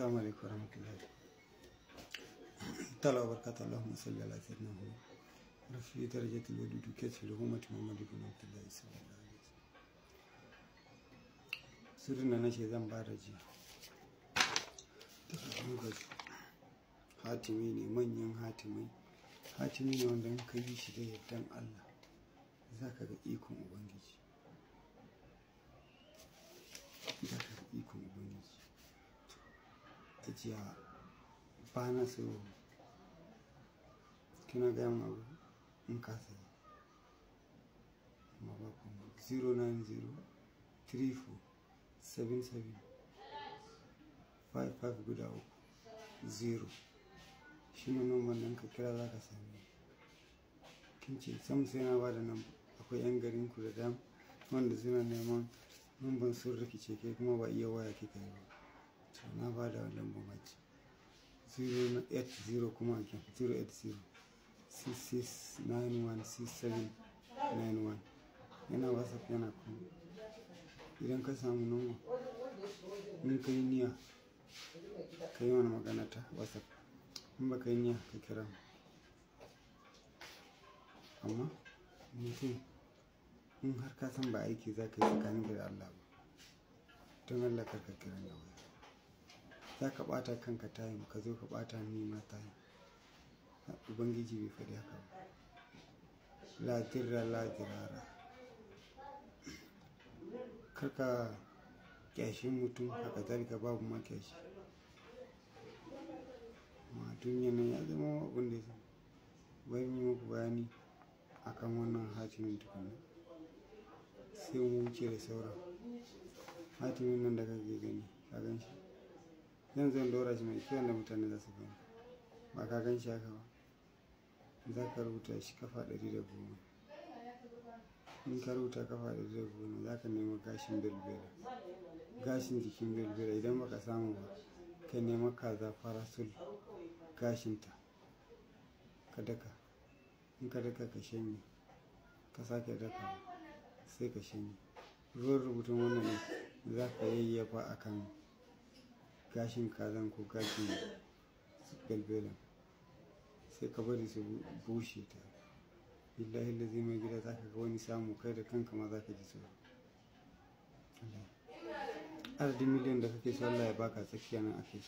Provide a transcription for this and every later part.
السلام عليكم ورحمة الله تعالى وبركاته اللهم صل على سيدنا محمد رفيع درجة الودود وكسر الأمة محمد بن عبد الله صلى الله عليه وسلم سرنا نشي ذنب رجي hatimi ne manyan hatimai hatimi ne wanda muka yi shi da yardan Allah za ka ga ikon Ubangiji ta ba na so kina gaya min abu in ka sai amma ba kuma 090 34 55 guda uku 0. shi ne nomban nan ka kira za ka sami kin ce sam sai na bada nan akwai yan garin ku da dam wanda suna neman numban sun rikice ke kuma ba iya waya kika yi ba na ba da lambar mace 080 kuma ake 080 6691 yana whatsapp yana kuma idan ka samu noma in ka yi niya ka yi wani magana ta whatsapp in ba ka yi niya ka kira amma mutum in har ka san ba aiki za ka yi tsakanin da Allah ba don Allah ka kira da wani za ka ɓata kanka tayin ka zo ka ɓata ni ma tayin ubangiji bai faɗi haka ba la dirra la dirara karka kyashin mutum haka zalika babu ma kyashi ma duniya nan ya zama abin da ya bari yi muku bayani akan wannan hatimin tukuna sai mu wuce da sauran hatimin nan da kake gani ka gan shi yanzu zan dora shi mai kyau da mutane za su gani ba ka gan shi haka ba za ka rubuta shi kafa ɗari da goma in ka rubuta kafa ɗari da goma za ka nemo gashin bilbila gashin jikin bilbila idan baka samu ba ka nema kaza farasul gashinta ka daka in ka daka ka shanye ka sake daka sai ka shanye ruwan rubutun wannan ne za ka yayyafa a kan gashin kazan ko gashin galbelan sai ka bari su bushe ta billahi da zai mai gida za ka ga wani samu kai da kanka ma za ka ji tsoro arzikin miliyan da kake so Allah ya baka tsakiya nan ake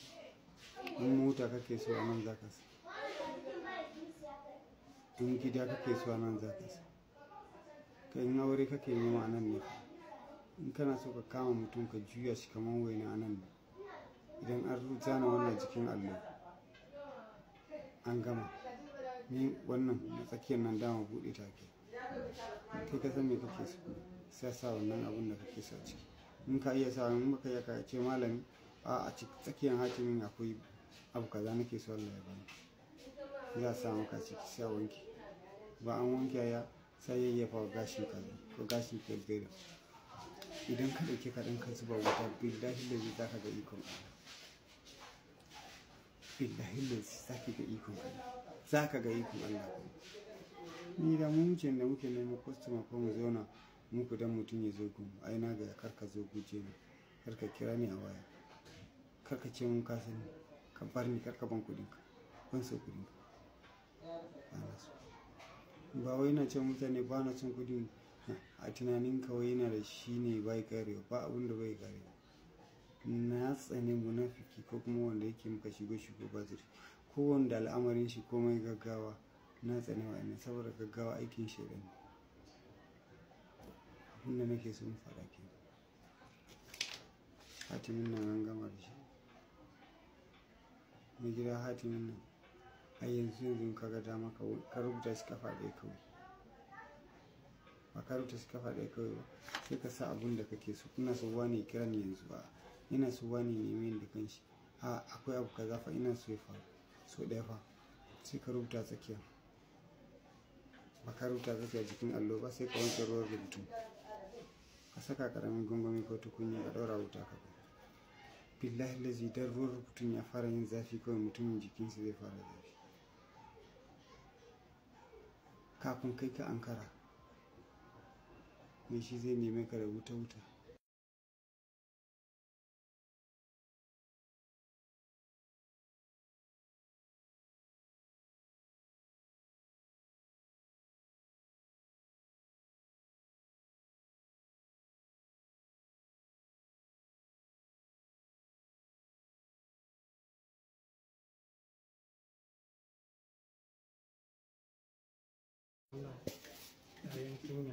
in mota kake so a nan za ka sa in gida kake so a nan za ka sa ka in aure kake nema nan ne in kana so ka kama mutum ka juya shi kamar waina a nan ne idan an rubuta na wannan jikin allo an gama ni wannan na tsakiyar nan dama buɗe take kai ka san me kake so sai sa wannan abun da kake so ciki in ka iya sa in baka iya ka ce malami a a tsakiyar hakimin akwai abu kaza nake so Allah ya bani za a sa maka ciki sai wanke ba an wanke ya sai yayyafa gashin kaza ko gashin kirgira idan ka ɗauki kaɗan ka ba wuta billahi da za ka ga ikon Allah billahi da za ka ga ikon Allah ka ga ikon Allah ni da mu ce da muke neman kwastoma ko mu zauna muku dan mutum ya zo gun ai na ga kar ka zo guje ni kar ka kira ni a waya kar ka ce mun ka sani ka bar ni kar ka ban kuɗin ka ban so kuɗin ka ba wai na ce mutane ba na cin kuɗin a tunanin kawai yana da shi ne bai karewa ba abin da bai karewa na tsane munafiki ko kuma wanda yake maka shigo shigo ba zai ko wanda al'amarin shi komai gaggawa na tsane wa ina saboda gaggawa aikin shi ne abin da nake so mu faɗa ke hatimin nan an gama da shi na gida hatimin nan a yanzu yanzu ka ga dama ka rubuta shi ƙafa ɗaya kawai ba ka rubuta suka faɗa kawai ba sai ka sa abun da kake so ina so wani kira ni yanzu ba ina so wani neme da kanshi a akwai abu kaza fa ina so fa so ɗaya fa sai ka rubuta tsakiya ba ka rubuta tsakiya jikin allo ba sai ka wanke ruwan rubutu ka saka karamin gwangwami ko tukunya ka ɗora wuta ka billahi lazi dan ruwan rubutun ya fara yin zafi kawai mutumin jikinsa zai fara zafi kafin kai ka ankara kuma shi zai neme ka da wuta-wuta Allah, yayin